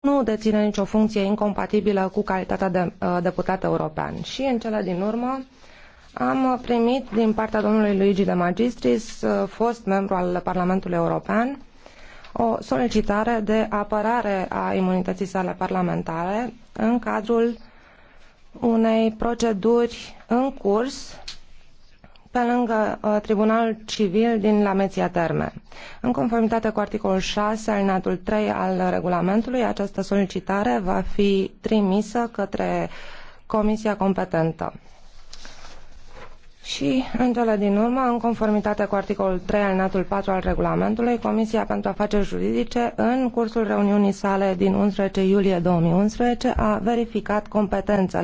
nu deține nicio funcție incompatibilă cu calitatea de uh, deputat european. Și în cele din urmă am primit din partea domnului Luigi de Magistris, uh, fost membru al Parlamentului European, o solicitare de apărare a imunității sale parlamentare în cadrul unei proceduri în curs pe lângă uh, Tribunalul Civil din Lameția Terme. În conformitate cu articolul 6, al natul 3 al regulamentului, această solicitare va fi trimisă către Comisia competentă. Și, în cele din urmă, în conformitate cu articolul 3 al natul 4 al regulamentului, Comisia pentru Afaceri Juridice, în cursul reuniunii sale din 11 iulie 2011, a verificat competența